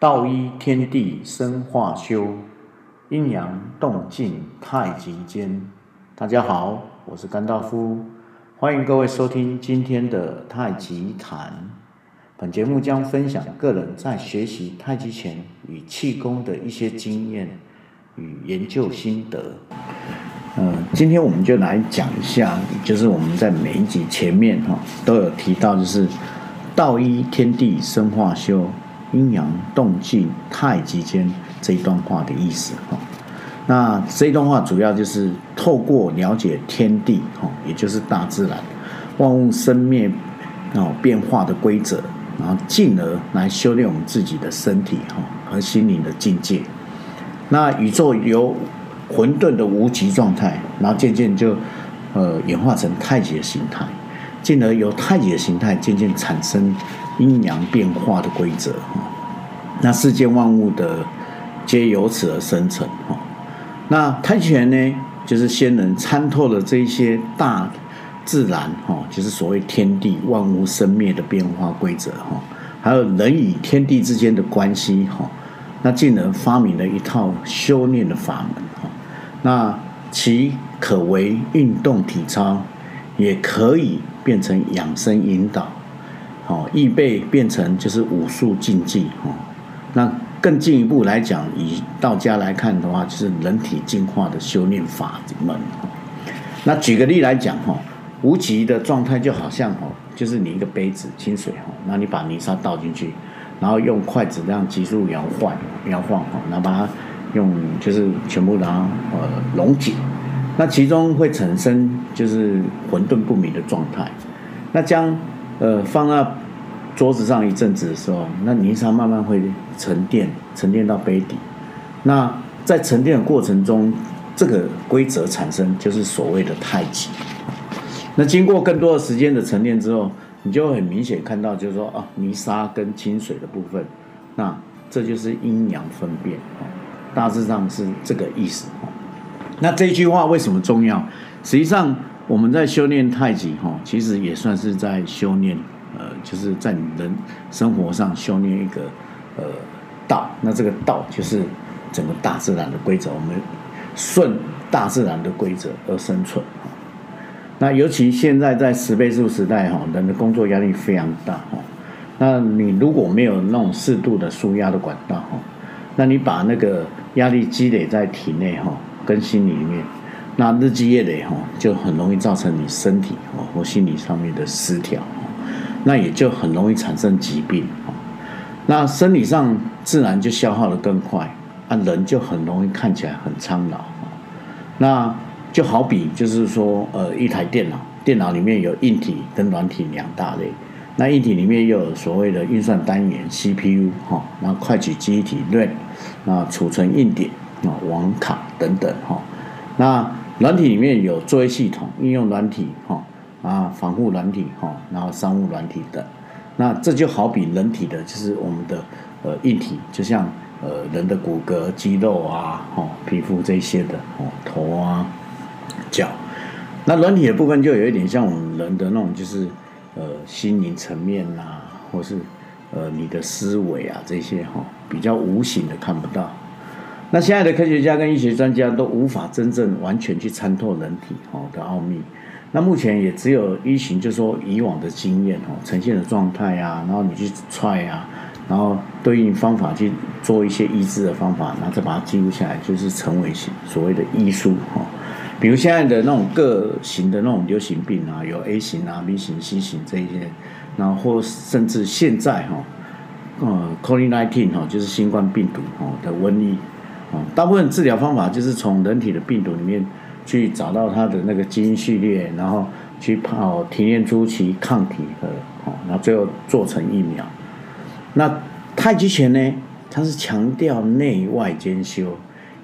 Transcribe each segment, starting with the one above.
道依天地生化修，陰陽動靜太極間。大家好，我是甘道夫，歡迎各位收聽今天的太極談。本節目將分享個人在學習太極拳與氣功的一些經驗與研究心得。嗯、呃，今天我們就來講一下，就是我們在每一集前面哈、哦、都有提到，就是道依天地生化修，陰陽動靜太極間這一段話的意思哈，那這一段話主要就是透過了解天地，也就是大自然萬物生滅哦變化的規則，然後進而來修煉我們自己的身體哈和心靈的境界。那宇宙由混沌的無極狀態，然後漸漸就呃演化成太極的形態，進而由太極的形態漸漸產生。陰陽變化的規則，那世間萬物的皆由此而生成，那太極拳呢，就是先人參透了這些大自然，哦，就是所謂天地萬物生滅的變化規則，還有人與天地之間的關係，哦，那進而發明了一套修煉的法門，那其可為運動體操，也可以變成養生引導。哦，預變成就是武術競技，哦，那更進一步來講，以道家來看的話，就是人體進化的修煉法門。那舉個例來講哈，無極的狀態就好像哈，就是你一個杯子清水哈，那你把泥沙倒進去，然後用筷子這樣急速搖晃搖晃哈，那把它用就是全部然呃溶解，那其中會產生就是混沌不明的狀態，那將。呃，放到桌子上一陣子的時候，那泥沙慢慢會沉澱，沉澱到杯底。那在沉澱的過程中，這個規則產生就是所謂的太極。那經過更多的時間的沉澱之後，你就會很明顯看到，就是說啊，泥沙跟清水的部分，那這就是陰陽分辨，哦，大致上是這個意思。那這句話為什麼重要？實際上。我們在修煉太極哈，其實也算是在修煉，呃，就是在你人生活上修煉一個，呃，道。那這個道就是整個大自然的規則，我們順大自然的規則而生存。那尤其現在在十倍速時代哈，人的工作壓力非常大哦。那你如果沒有那種適度的舒壓的管道哈，那你把那個壓力積累在體內哈，跟心裡面。那日積月累哈，就很容易造成你身體哦或心理上面的失調哈，那也就很容易產生疾病啊。那生理上自然就消耗得更快啊，人就很容易看起來很蒼老。那就好比就是說，呃，一台電腦，電腦裡面有硬體跟軟體兩大類，那硬體裡面又有所謂的運算單元 CPU 哈，那快取記憶體 RAM，那儲存硬碟啊，網卡等等哈，那。軟體裡面有作業系統、應用軟體、哈啊防護軟體、哈然後商務軟體等，那這就好比人體的就是我們的呃硬體，就像呃人的骨骼、肌肉啊、哈皮膚這些的，哦頭啊腳，那軟體的部分就有一點像我們人的那種就是呃心靈層面吶、啊，或是呃你的思維啊這些哈比較無形的看不到。那現在的科學家跟醫學專家都無法真正完全去參透人體哦的奧秘，那目前也只有醫型，就是說以往的經驗哦呈現的狀態呀，然後你去踹呀、啊，然後對應方法去做一些醫治的方法，然後再把它記錄下來，就是成為所謂的醫書哦。比如現在的那種各型的那種流行病啊，有 A 型啊、B 型、C 型這一些，然後甚至現在哈、啊，呃，COVID-19 哈就是新冠病毒哦的瘟疫。大部分治療方法就是從人體的病毒裡面去找到它的那個基因序列，然後去泡提煉出其抗體和，哦，然後最後做成疫苗。那太極拳呢，它是強調內外兼修，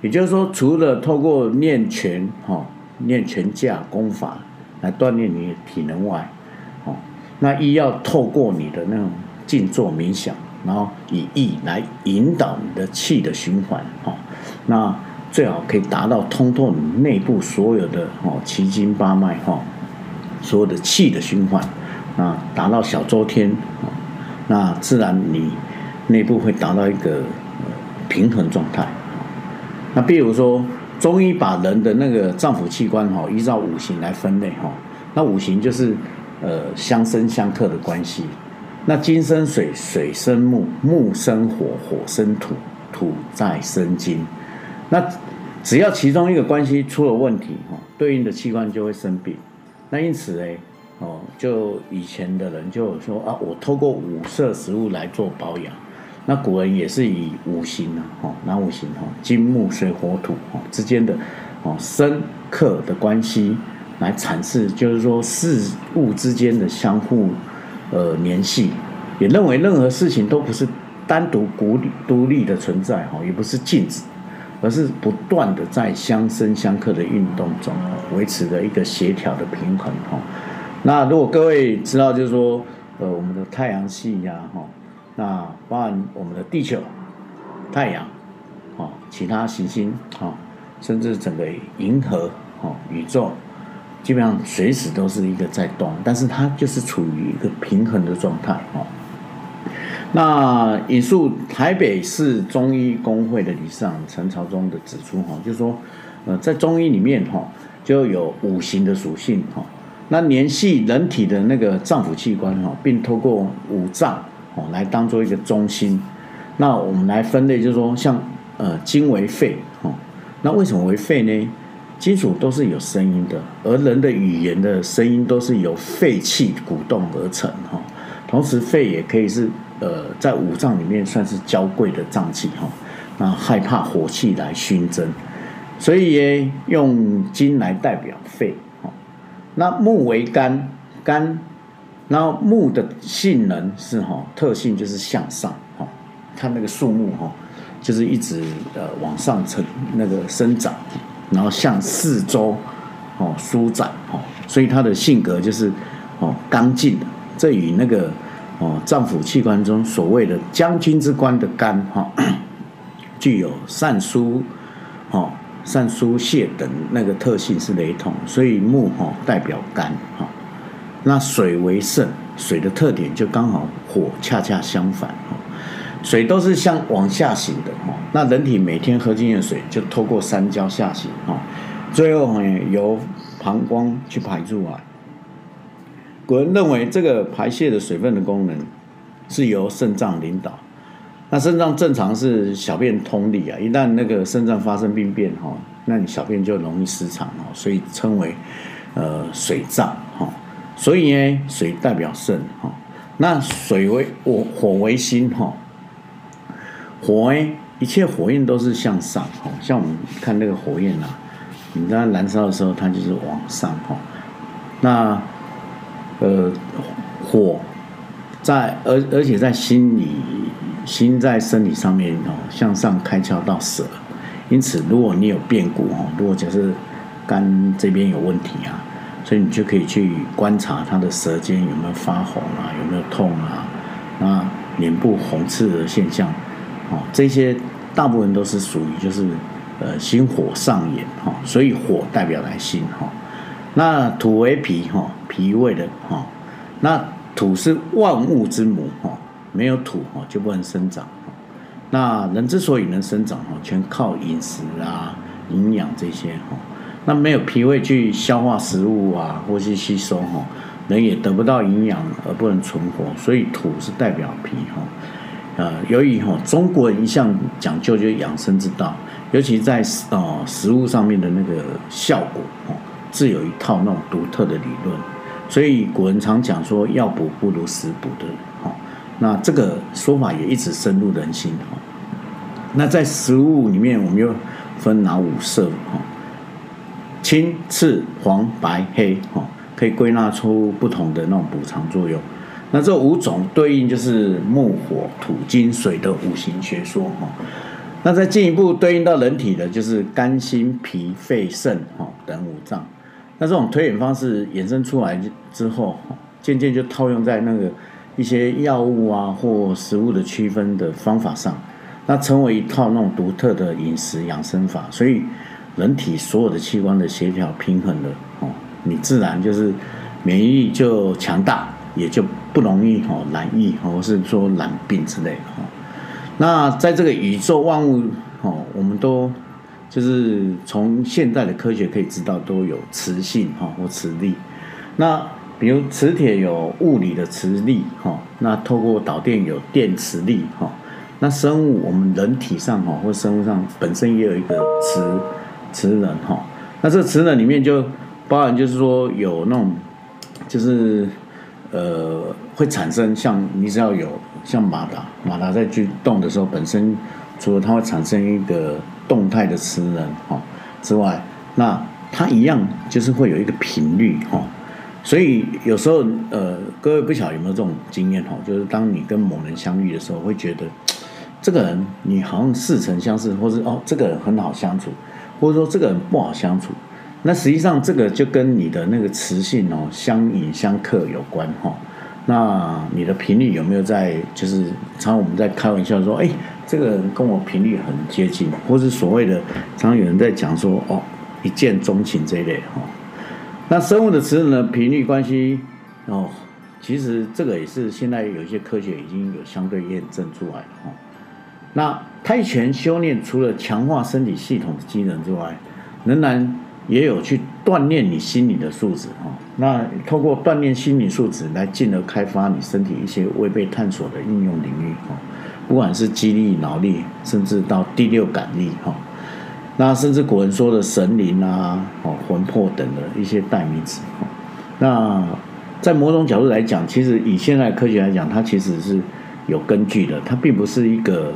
也就是說，除了透過練拳哈、哦、練拳架功法來鍛鍊你的體能外，哦，那意要透過你的那種靜坐冥想，然後以意來引導你的氣的循環哦。那最好可以達到通透你內部所有的哦，奇經八脈哈，所有的氣的循環啊，達到小周天，那自然你內部會達到一個平衡狀態。那比如說中醫把人的那個臟腑器官哈，依照五行來分類哈，那五行就是呃相生相克的關係。那金生水，水生木，木生火，火生土，土再生金。那只要其中一個關係出了問題，哈，對應的器官就會生病。那因此嘞，哦，就以前的人就有說啊，我透過五色食物來做保養。那古人也是以五行啊，哈，哪五行哈，金木水火土哈之間的，哦，生克的關係來闡釋，就是說事物之間的相互呃聯繫，也認為任何事情都不是單獨孤立獨立的存在，哈，也不是靜止。而是不斷的在相生相克的運動中，維持着一個協調的平衡哈。那如果各位知道，就是說，呃，我們的太陽系呀、啊、哈，那包含我們的地球、太陽，哈，其他行星哈，甚至整個銀河哈、宇宙，基本上隨時都是一個在動，但是它就是處於一個平衡的狀態哈。那引述台北市中醫工會的理事長陳朝忠的指出，哈，就是說，呃，在中醫裡面，哈，就有五行的屬性，哈，那聯繫人體的那個臟腑器官，哈，並透過五臟，哈，來當做一個中心。那我們來分類，就是說，像呃，金為肺，哈，那為什麼為肺呢？金屬都是有聲音的，而人的語言的聲音都是由肺氣鼓動而成，哈。同時，肺也可以是呃，在五臟裡面算是嬌貴的臟器哈，那、喔、害怕火氣來熏蒸，所以用金來代表肺。喔、那木為肝，肝，然後木的性能是哈、喔，特性就是向上、喔、它那個樹木哈、喔，就是一直呃往上成那個生長，然後向四周哦、喔、舒展哦、喔，所以它的性格就是哦剛勁的，這與那個。哦，臟腑器官中所謂的將軍之官的肝哈、哦，具有散疏，哦，散疏泄等那個特性是雷同，所以木哈、哦、代表肝哈、哦。那水為腎，水的特點就剛好火恰恰相反啊、哦，水都是向往下行的哈、哦。那人體每天喝進去的水就透過三焦下行啊、哦，最後、嗯、由膀胱去排出來、啊。古人認為這個排泄的水分的功能是由腎臟領導，那腎臟正常是小便通利啊，一旦那個腎臟發生病變哈，那你小便就容易失常哦，所以稱為呃水脹哈，所以呢水代表腎哈，那水為火火為心哈，火，火，火一切火焰都是向上哈，像我們看那個火焰吶、啊，你它燃燒的時候它就是往上哈，那。呃，火在，而而且在心理，心在生理上面哦，向上開竅到舌，因此如果你有變故哦，如果就是肝這邊有問題啊，所以你就可以去觀察它的舌尖有沒有發紅啊，有沒有痛啊，那臉部紅赤的現象哦，這些大部分都是屬於就是呃心火上炎哈、哦，所以火代表來心哈。哦那土為脾哈，脾胃的哈，那土是萬物之母哈，沒有土就不能生長。那人之所以能生長，全靠飲食啊、營養這些哈。那沒有脾胃去消化食物啊，或是吸收哈，人也得不到營養而不能存活。所以土是代表脾哈，呃。由於哈中國人一向講究就養生之道，尤其在，呃，食物上面的那個效果，呃自有一套那種獨特的理論，所以古人常講說“藥補不如食補”的，哈，那這個說法也一直深入人心。哈，那在食物裡面，我們又分哪五色？哈，青、赤、黃、白、黑，哈，可以歸納出不同的那種補償作用。那這五種對應就是木、火、土、金、水的五行學說，哈。那再進一步對應到人體的就是肝、心、脾、肺、腎，哈，等五臟。那這種推演方式衍生出來之後，漸漸就套用在那個一些藥物啊或食物的區分的方法上，那成為一套那種獨特的飲食養生法。所以人體所有的器官的協調平衡了，哦，你自然就是免疫力就強大，也就不容易哦染疫或是說染病之類的。哦，那在這個宇宙萬物，哦，我們都。就是從現代的科學可以知道，都有磁性哈或磁力。那比如磁鐵有物理的磁力哈，那透過導電有電磁力哈。那生物我們人體上哈或生物上本身也有一個磁磁能哈。那這個磁能裡面就包含就是說有那種就是呃會產生像你只要有像馬達，馬達在去動的時候，本身除了它會產生一個。動態的磁能哦之外，那它一樣就是會有一個頻率哈，所以有時候呃，各位不曉得有沒有這種經驗哈，就是當你跟某人相遇的時候，會覺得這個人你好像似曾相識，或是哦這個人很好相處，或者說這個人不好相處，那實際上這個就跟你的那個磁性哦相引相克有關哈，那你的頻率有沒有在就是常常我們在開玩笑說誒。欸這個跟我頻率很接近，或是所謂的，常常有人在講說哦，一見鍾情這一類哈、哦。那生物的磁場的頻率關係哦，其實這個也是現在有一些科學已經有相對驗證出來了哈、哦。那太極拳修煉除了強化身體系統的機能之外，仍然也有去鍛鍊你心理的素質哈、哦。那通過鍛鍊心理素質來進而開發你身體一些未被探索的應用領域哈。哦不管是肌力、腦力，甚至到第六感力，哈、哦，那甚至古人說的神靈啊、哦魂魄等的一些代名詞、哦，那在某種角度來講，其實以現在科學來講，它其實是有根據的，它並不是一個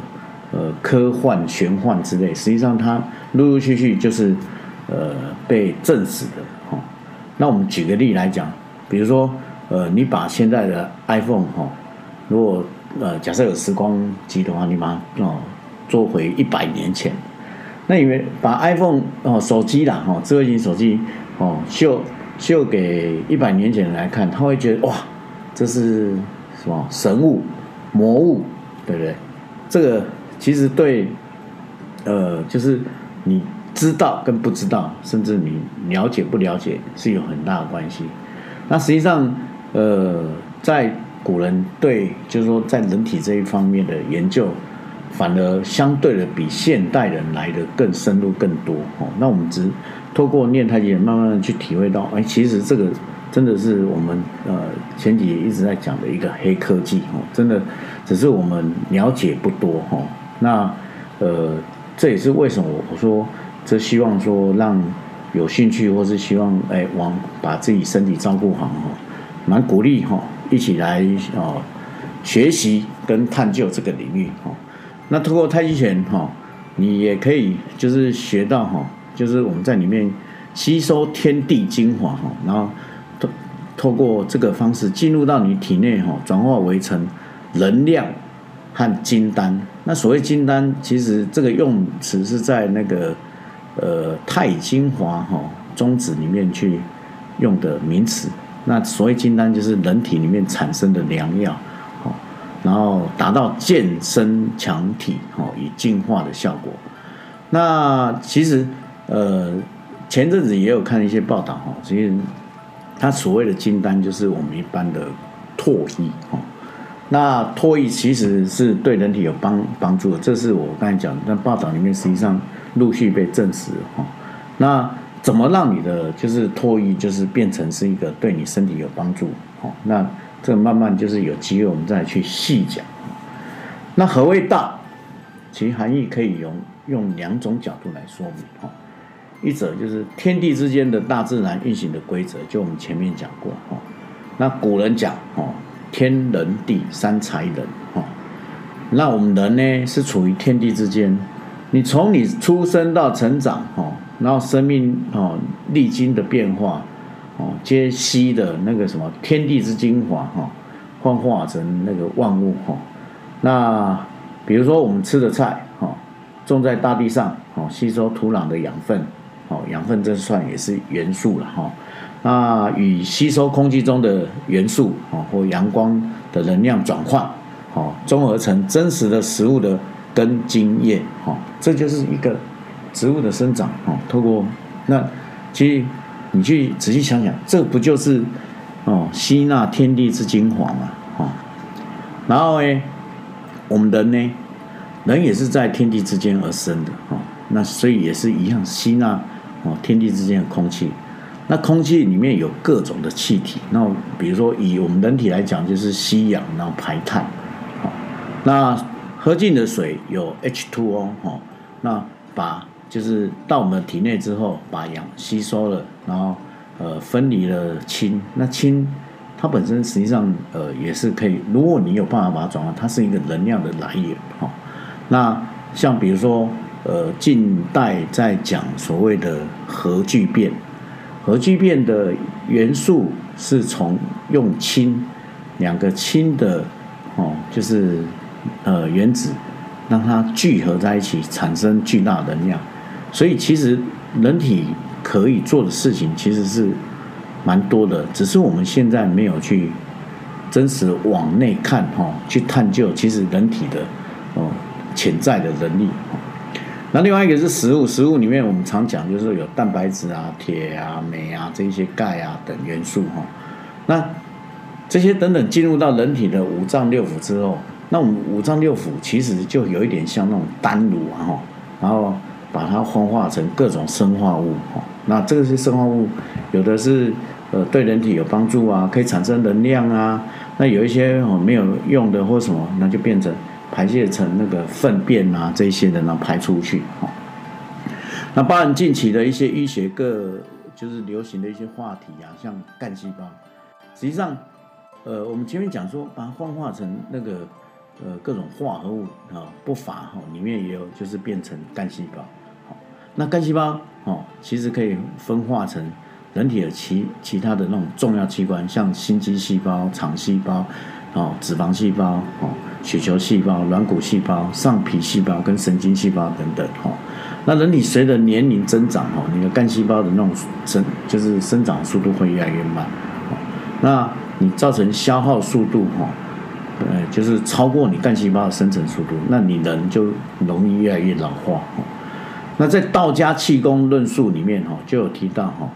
呃科幻、玄幻之類，實際上它陸陸續續就是呃被證實的，哈、哦。那我們舉個例來講，比如說呃，你把現在的 iPhone，哈、哦，如果呃，假設有時光機的話，你把它哦做回一百年前，那因為把 iPhone 哦手機啦，哦智慧型手機哦秀秀給一百年前人來看，他會覺得哇，這是什麼神物、魔物，對不對？這個其實對，呃，就是你知道跟不知道，甚至你了解不了解是有很大的關係。那實際上，呃，在古人對，就是說在人體這一方面的研究，反而相對的比現代人來的更深入、更多哦。那我們只透過練太極，慢慢的去體會到，哎，其實這個真的是我們呃前幾也一直在講的一個黑科技哦，真的只是我們了解不多哦。那呃這也是為什麼我說，這希望說讓有興趣或是希望哎往把自己身體照顧好哦，蠻鼓勵哈。一起來哦，學習跟探究這個領域哦。那透過太極拳哈，你也可以就是學到哈，就是我們在裡面吸收天地精華哈，然後透過這個方式進入到你體內哈，轉化為成能量和金丹。那所謂金丹，其實這個用詞是在那個呃太精華哈宗旨裡面去用的名詞。那所謂金丹就是人體裡面產生的良藥，好，然後達到健身強體、哈以淨化的效果。那其實，呃，前陣子也有看一些報道，哈，其實他所謂的金丹就是我們一般的唾液，哈。那唾液其實是對人體有幫幫助的，這是我剛才講的。那報道裡面實際上陸續被證實，哈。那怎麼讓你的就是唾液，就是變成是一個對你身體有幫助？哦，那這慢慢就是有機會，我們再去細講。那何謂道？其實含義可以用用兩種角度來說明。哈，一者就是天地之間的大自然運行的規則，就我們前面講過。哈，那古人講，哦，天人地三才人。哈，那我們人呢是處於天地之間，你從你出生到成長，哈。然後生命哦歷經的變化，哦皆吸的那個什麼天地之精華哈，幻化成那個萬物哈。那比如說我們吃的菜哈，種在大地上哦，吸收土壤的養分，哦養分這算也是元素了哈。那與吸收空氣中的元素哦或陽光的能量轉換哦，綜合成真實的食物的根莖葉哈，這就是一個。植物的生長，哦，透過那其實你去仔細想想，這不就是哦，吸納天地之精華嘛，哦，然後誒，我們人呢，人也是在天地之間而生的，哦，那所以也是一樣吸納哦，天地之間的空氣，那空氣裡面有各種的氣體，那比如說以我們人體來講，就是吸氧然後排碳，那喝進的水有 H2O，哦，那把。就是到我們的體內之後，把氧吸收了，然後，呃，分離了氫。那氫它本身實際上，呃，也是可以。如果你有辦法把它轉化，它是一個能量的來源。哈，那像比如說，呃，近代在講所謂的核聚變，核聚變的元素是從用氫，兩個氫的，哦，就是呃原子，讓它聚合在一起，產生巨大能量。所以其實人體可以做的事情其實是蠻多的，只是我們現在沒有去真實往內看哈，去探究其實人體的哦潛在的能力。那另外一個是食物，食物裡面我們常講就是有蛋白質啊、鐵啊、鎂啊這些鈣啊等元素哈。那這些等等進入到人體的五臟六腑之後，那我們五臟六腑其實就有一點像那種丹爐啊哈，然後。把它分化成各種生化物，那這些生化物，有的是呃對人體有幫助啊，可以產生能量啊，那有一些哦沒有用的或什麼，那就變成排泄成那個糞便啊，這些的呢排出去，哦、那包括近期的一些醫學各就是流行的一些話題啊，像幹細胞，實際上，呃，我們前面講說把它分化成那個呃各種化合物啊、哦，不乏哈、哦，裡面也有就是變成幹細胞。那幹細胞哦，其實可以分化成人體的其其他的那種重要器官，像心肌細胞、腸細胞、哦、脂肪細胞、哦、血球細胞、軟骨細胞、上皮細胞跟神經細胞等等。哈、哦，那人體隨着年齡增長，哈、哦，你的幹細胞的那種生就是生長速度會越來越慢。哦，那你造成消耗速度，哈、哦，就是超過你幹細胞的生成速度，那你人就容易越來越老化。哦那在道家氣功論述裡面，哈，就有提到哈，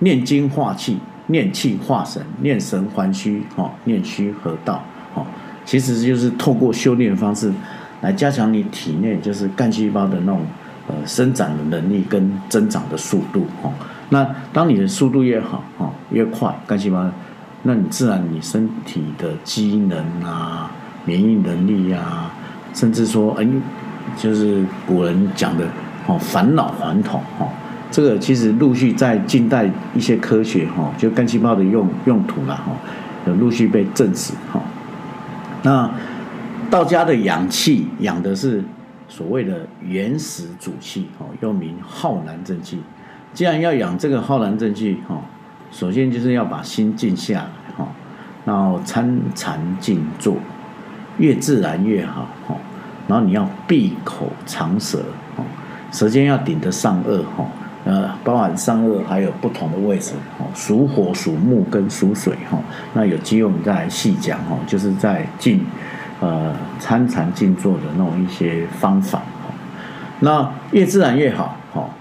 煉精化氣，煉氣化神，煉神還虛，哈，煉虛合道，哈，其實就是透過修煉方式來加強你體內就是幹細胞的那種呃生長的能力跟增長的速度，哈、哦。那當你的速度越好，哈、哦，越快，幹細胞，那你自然你身體的機能啊，免疫能力呀、啊，甚至說，哎、欸，就是古人講的。哦，返老還童哦，這個其實陸續在近代一些科學哈，就幹細胞的用用途了，哈，有陸續被證實哈。那道家的養氣養的是所謂的原始主氣哦，又名浩然正氣。既然要養這個浩然正氣哈，首先就是要把心靜下來哈，然後參禪靜坐，越自然越好哈，然後你要閉口藏舌。舌尖要頂得上顎哈，呃，包含上顎，還有不同的位置，哈，屬火、屬木跟屬水哈。那有機會我們再來細講哈，就是在靜，呃，參禪靜坐的那種一些方法，那越自然越好，好，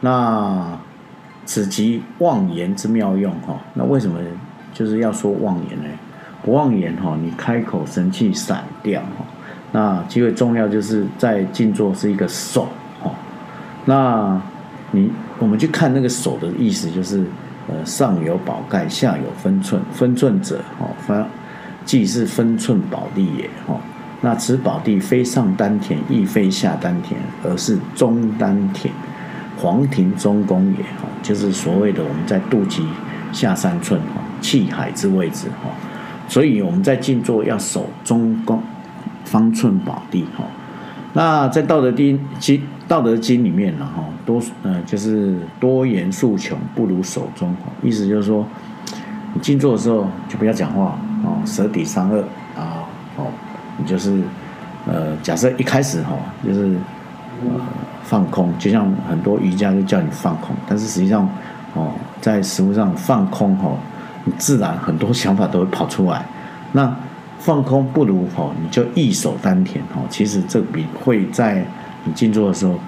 那此即妄言之妙用哈。那為什麼就是要說妄言呢？不妄言哈，你開口神氣散掉哈。那極為重要就是在靜坐是一個手。那你，你我們去看那個守的意思，就是，呃，上有寶蓋，下有分寸，分寸者，哦，分，既是分寸寶地也，哈、哦。那此寶地非上丹田，亦非下丹田，而是中丹田，黃庭中宮也，哈、哦，就是所謂的我們在肚臍下三寸，哈、哦，氣海之位置，哈、哦。所以我們在靜坐要守中宮，方寸寶地，哈、哦。那在道《道德經》經《道德經》裡面呢，哈，多呃，就是多言數窮，不如守中。意思就是說，你靜坐的時候就不要講話，哦，舌抵上腭啊，哦，你就是呃，假設一開始哈，就是呃，放空，就像很多瑜伽就叫你放空，但是實際上哦、呃，在實物上放空哈，你自然很多想法都會跑出來，那。放空不如吼，你就意守丹田吼，其實這比會在你靜坐的時候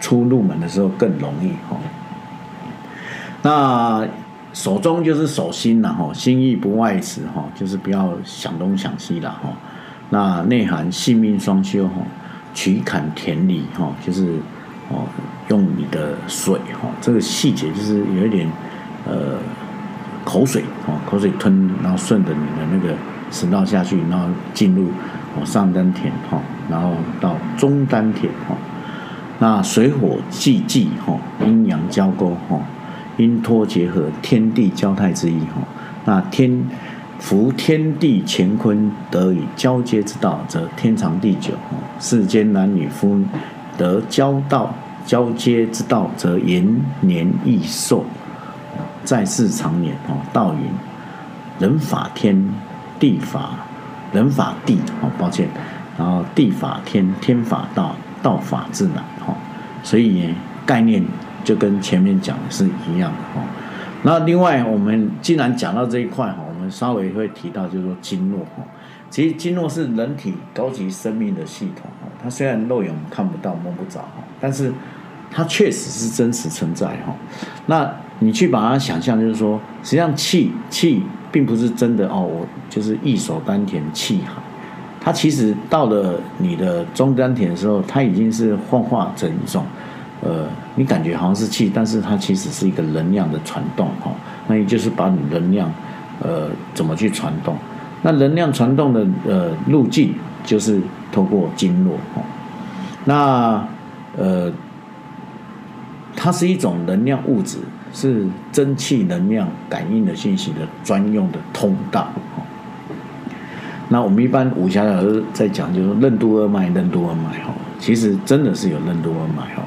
出入門的時候更容易吼。那手中就是手心了吼，心意不外馳吼，就是不要想東想西了吼。那內涵性命雙修吼，取坎填離吼，就是哦，用你的水吼，這個細節就是有一點呃口水哦，口水吞，然後順着你的那個。食道下去，然後進入哦上丹田哈，然後到中丹田哈。那水火既濟哈，陰陽交媾哈，陰托結合，天地交泰之意哈。那天福天地乾坤得以交接之道，則天長地久。世間男女夫得交道交接之道，則延年益壽，在世常年。哦，道云人法天。地法人法地，哦，抱歉。然後地法天，天法道，道法自然，哈、哦。所以概念就跟前面講的是一樣的，哈、哦。那另外，我們既然講到這一塊，哈、哦，我們稍微會提到，就是說經絡，哈、哦。其實經絡是人體高級生命的系統，哈、哦。它雖然肉眼看不到、摸不着，哈、哦，但是它確實是真實存在，哈、哦。那你去把它想象，就是說，實際上氣氣。並不是真的哦，我就是一手丹田氣海，它其實到了你的中丹田的時候，它已經是幻化成一種，呃，你感覺好像是氣，但是它其實是一個能量的傳動哈、哦。那也就是把你能量，呃，怎麼去傳動？那能量傳動的呃路徑就是透過經絡哈、哦。那呃。它是一種能量物質，是蒸汽能量感應的信息的專用的通道。那我們一般武俠小說在講，就是任督二脈，任督二脈哈，其實真的是有任督二脈哈。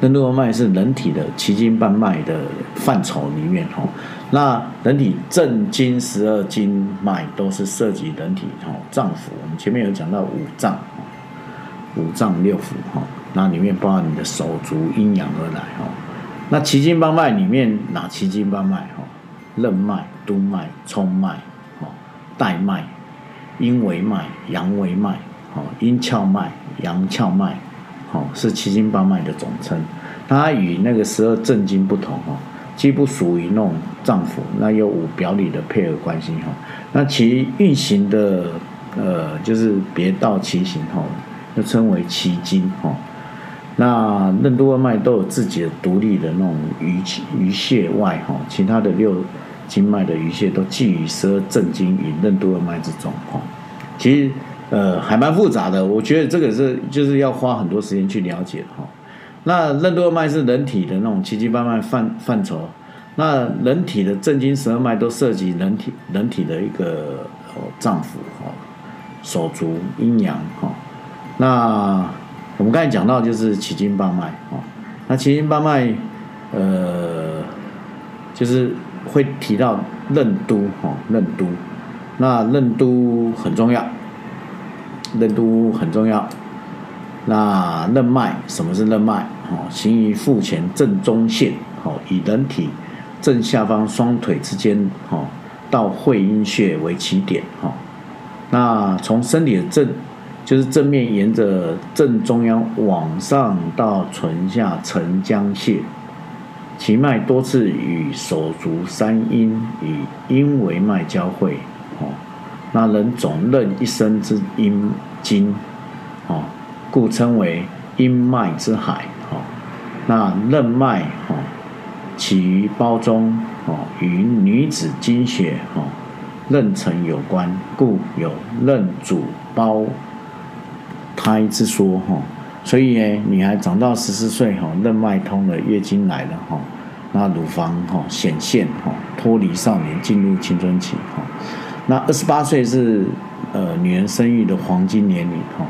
任督二脈是人體的奇經八脈的範疇裡面哈。那人體正經十二經脈都是涉及人體哈臟腑，我們前面有講到五臟，五臟六腑哈。那裡面包含你的手足陰陽而來哈。那奇經八脈裡面哪奇經八脈哈？任脈、督脈、衝脈、哈、帶脈、陰維脈、陽維脈、哈、陰蹺脈、陽蹺脈、哈、是奇經八脈的總稱。它與那個十二正經不同哦，既不屬於那種臟腑，那又無表裡的配合關係哈。那其運行的呃就是別道奇行哈，又稱為奇經哈。那任督二脈都有自己的獨立的那種俞俞穴外哈，其他的六經脈的俞穴都寄於十二正經與任督二脈之中哈。其實呃還蠻複雜的，我覺得這個是就是要花很多時間去了解哈。那任督二脈是人體的那種奇經八脈範範疇，那人體的正經十二脈都涉及人體人體的一個臟腑哈、手足陰陽哈，那。我們剛才講到就是奇經八脈哦，那奇經八脈，呃，就是會提到任督哈，任督，那任督很重要，任督很重要，那任脈，什麼是任脈哦？行於腹前正中線哦，以人體正下方雙腿之間哦，到會陰穴為起點哈，那從身體的正。就是正面沿着正中央往上到唇下承漿穴，其脈多次與手足三陰與陰維脈交匯，哦，那人總任一身之陰經哦，故稱為陰脈之海，哦，那任脈哦起於胞中，哦，與女子經血，哦，妊娠有關，故有任主胞。他一直說哈，所以呢，女孩長到十四歲哈，任脈通了，月經來了哈，那乳房哈顯現哈，脫離少年進入青春期哈，那二十八歲是呃女人生育的黃金年齡哈，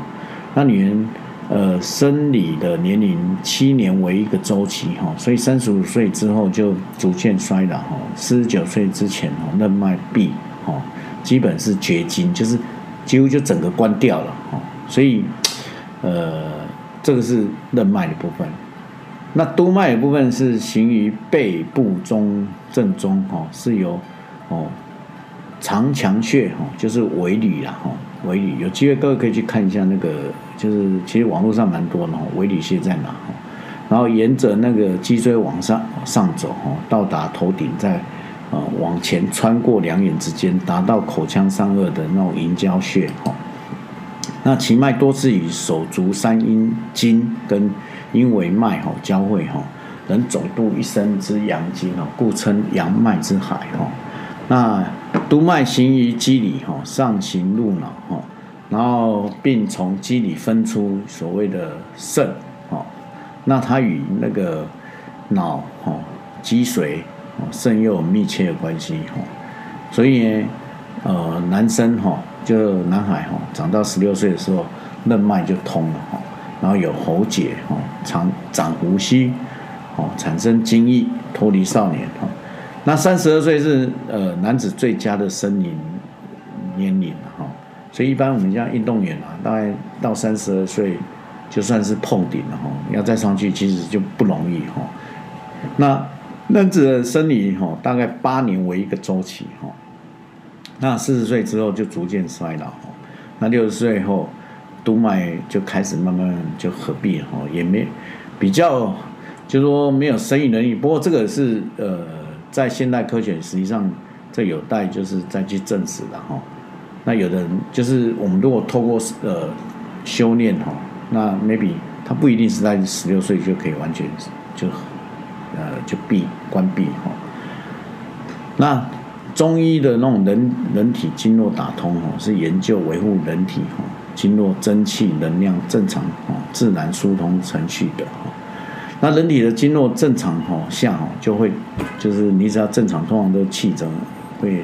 那女人呃生理的年齡七年為一個周期哈，所以三十五歲之後就逐漸衰老哈，四十九歲之前哈，任脈閉哈，基本是絕經，就是幾乎就整個關掉了哈，所以。呃，這個是任脈的部分，那督脈的部分是行於背部中正中哈、哦，是由哦長強穴哈、哦，就是尾閭啊哈，尾、哦、閭有機會各位可以去看一下那個，就是其實網絡上蠻多的哈，尾、哦、閭穴在哪、哦？然後沿着那個脊椎往上上走哈、哦，到達頭頂再啊、哦、往前穿過兩眼之間，達到口腔上顎的那種齦交穴哈。哦那奇脈多是與手足三陰經跟陰維脈哈交匯哈，能走度一身之陽經哦，故稱陽脈之海哦。那督脈行於脊裡哈，上行入腦哈，然後並從脊裡分出所謂的腎哦。那它與那個腦哈、脊髓哦、腎又有密切的關係哈。所以呢，呃，男生哈。就男孩哈，長到十六歲的時候，任脈就通了哈，然後有喉結哈，長長鬍鬚，哦，產生精液，脫離少年哈。那三十二歲是呃男子最佳的生理年齡哈，所以一般我們像運動員啊，大概到三十二歲就算是碰頂了哈，要再上去其實就不容易哈。那男子的生理哈，大概八年為一個週期哈。那四十歲之後就逐漸衰老哦，那六十歲後督脈就開始慢慢就合閉了，也沒比較，就是說沒有生育能力。不過這個是呃，在現代科學實際上這有待就是再去證實的哈。那有的人就是我們如果透過呃修煉哈，那 maybe 他不一定是在十六歲就可以完全就呃就閉關閉哈。那。中醫的那種人人體經絡打通吼、喔，是研究維護人體吼、喔、經絡真氣能量正常吼、喔、自然疏通程序的哈、喔。那人體的經絡正常吼、喔、下吼、喔、就會，就是你只要正常，通常都氣蒸會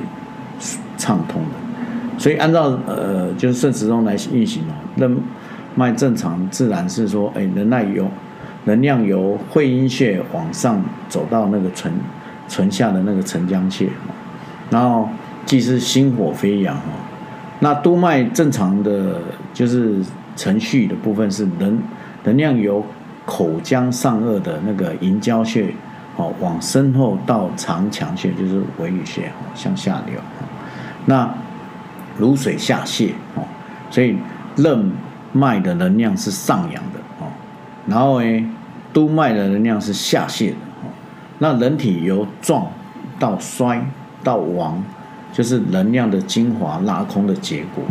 暢通的。所以按照呃就是順時鐘來運行啊、喔，任脈正常自然是說哎能耐由能量由會陰穴往上走到那個唇唇下的那個承漿穴、喔。然後，既是心火飛揚那督脈正常的，就是程序的部分是能能量由口腔上顎的那個齦交穴哦，往身後到長強穴，就是尾閭穴向下流那如水下瀉所以任脈的能量是上揚的啊，然後誒督脈的能量是下瀉的，那人體由壯到衰。到亡，就是能量的精華拉空的結果。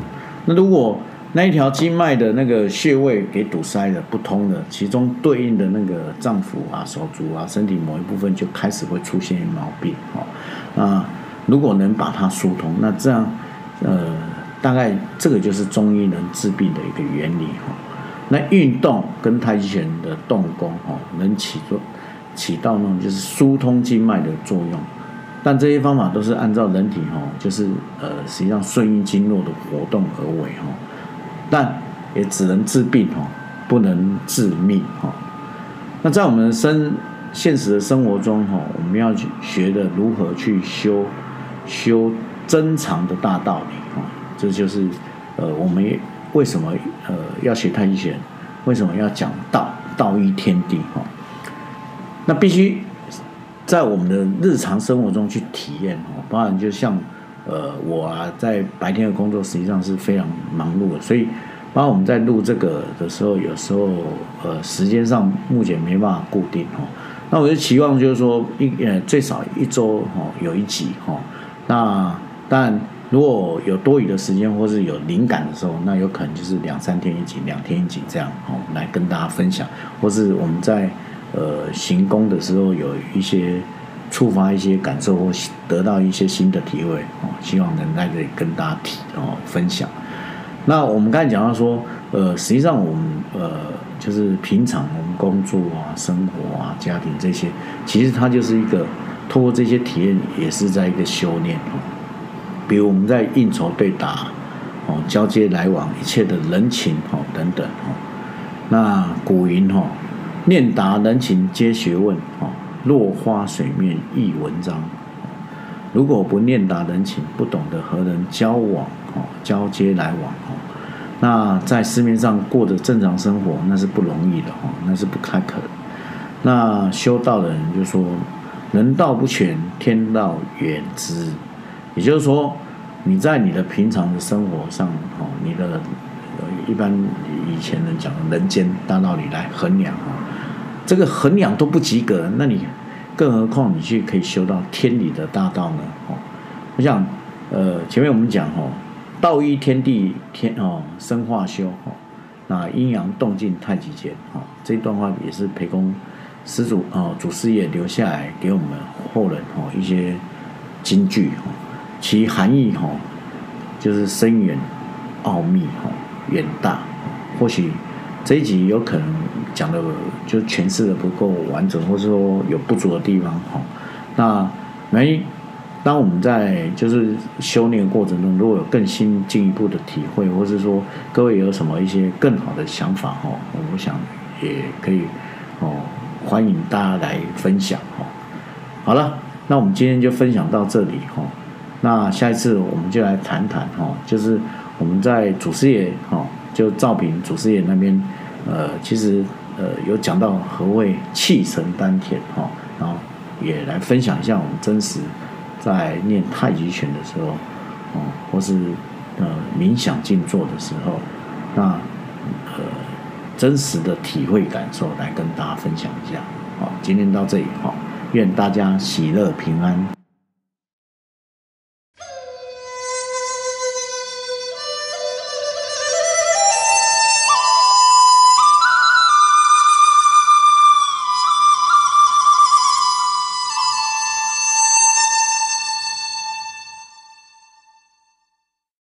那如果那一條經脈的那個穴位給堵塞了、不通了，其中對應的那個臟腑啊、手足啊、身體某一部分就開始會出現毛病哦。啊，如果能把它疏通，那這樣呃，大概這個就是中醫能治病的一個原理哦。那運動跟太極拳的動功哦，能起作起到那種就是疏通經脈的作用。但這些方法都是按照人體哈，就是呃，實際上順應經絡的活動而為哈，但也只能治病哈，不能致命哈。那在我們生現實的生活中哈，我們要去學的如何去修修真常的大道理啊，這就是呃，我們為什麼呃要學太極拳，為什麼要講道，道依天地哈，那必須。在我們的日常生活中去體驗哦，當然就像，呃，我啊在白天的工作實際上是非常忙碌的，所以，當然我們在錄這個的時候，有時候呃時間上目前沒辦法固定哦。那我就期望就是說一呃最少一周哦有一集哦。那但如果有多餘的時間或是有靈感的時候，那有可能就是兩三天一集、兩天一集這樣哦來跟大家分享，或是我們在。呃，行功的時候有一些觸發一些感受或得到一些新的體會哦，希望能在這裡跟大家提哦分享。那我們剛才講到說，呃，實際上我們呃，就是平常我們工作啊、生活啊、家庭這些，其實它就是一個透過這些體驗，也是在一個修煉哦。比如我們在應酬、對打、哦交接來往一切的人情哦等等哦，那古云哦。念達人情皆學問，哦，落花水面亦文章。如果不念達人情，不懂得和人交往，哦，交接來往，哦，那在市面上過着正常生活，那是不容易的，哦，那是不太可能。那修道的人就說：人道不全，天道遠之。也就是說，你在你的平常的生活上，哦，你的一般以前人講的人間大道理來衡量啊。這個衡量都不及格，那你更何況你去可以修到天理的大道呢？哦，我想，呃，前面我們講，哦，道依天地天哦，生化修哦，那陰陽動靜太極間哦，這段話也是培公始祖哦，祖師爺留下來給我們後人哦一些金句哦，其含義哦，就是深遠、奧秘、哦，遠大、哦，或許這一集有可能。講的就詮釋的不夠完整，或是說有不足的地方哈、哦。那沒當我們在就是修煉過程中，如果有更新進一步的體會，或是說各位有什麼一些更好的想法哈、哦，我想也可以哦，歡迎大家來分享哈、哦。好了，那我們今天就分享到這裡哈、哦。那下一次我們就來談談哈，就是我們在祖師爺哈、哦，就趙平祖師爺那邊呃，其實。呃，有講到何謂氣沉丹田，哈、哦，然後也來分享一下我們真實在練太極拳的時候，哦，或是呃冥想靜坐的時候，那呃真實的體會感受來跟大家分享一下，好、哦，今天到這裡，好、哦，願大家喜樂平安。